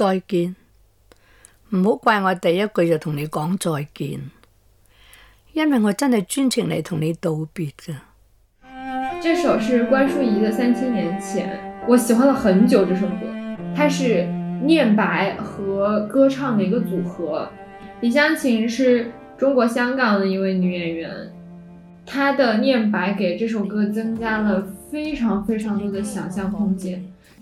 再見，唔好怪我第一句就同你講再見，因為我真係專程嚟同你道別噶。這首是關淑怡的《三千年前》，我喜歡了很久這首歌。它是念白和歌唱的一個組合。李香琴是中國香港的一位女演員，她的念白給這首歌增加了非常非常多的想象空間。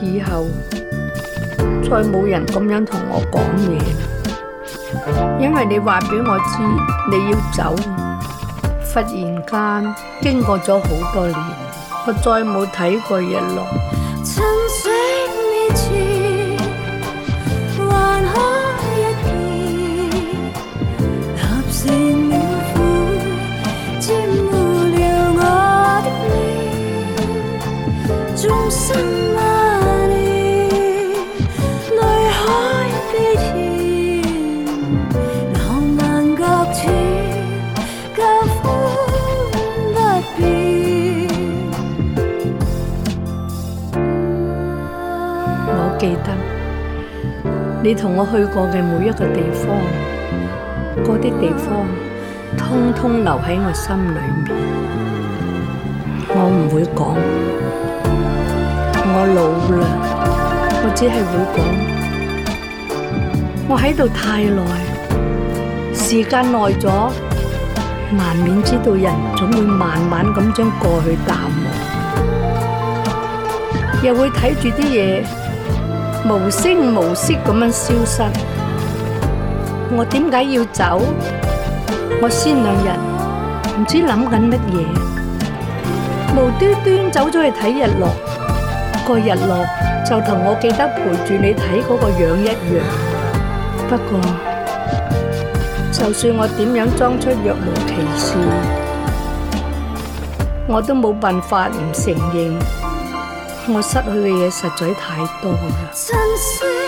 以後再冇人咁樣同我講嘢，因為你話俾我知你要走。忽然間經過咗好多年，我再冇睇過日落。記得你同我去過嘅每一個地方，嗰啲地方通通留喺我心裏面。我唔會講，我老啦，我只係會講，我喺度太耐，時間耐咗，難免知道人總會慢慢咁將過去淡忘，又會睇住啲嘢。無聲無息咁樣消失，我點解要走？我先兩日唔知諗緊乜嘢，無端端走咗去睇日落，個日落就同我記得陪住你睇嗰個樣一樣。不過，就算我點樣裝出若無其事，我都冇辦法唔承認。我失去嘅嘢實在太多啦。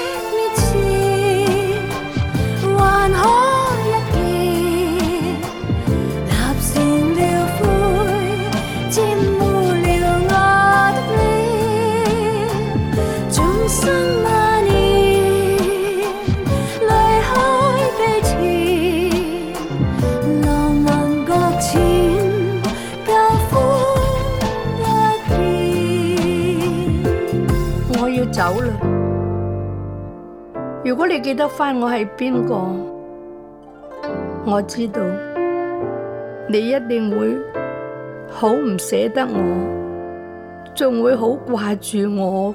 如果你記得翻我係邊個，我知道你一定會好唔捨得我，仲會好掛住我。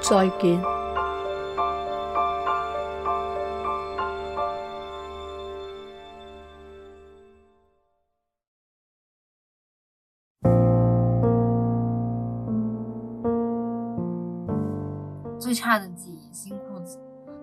再見。最差的記憶。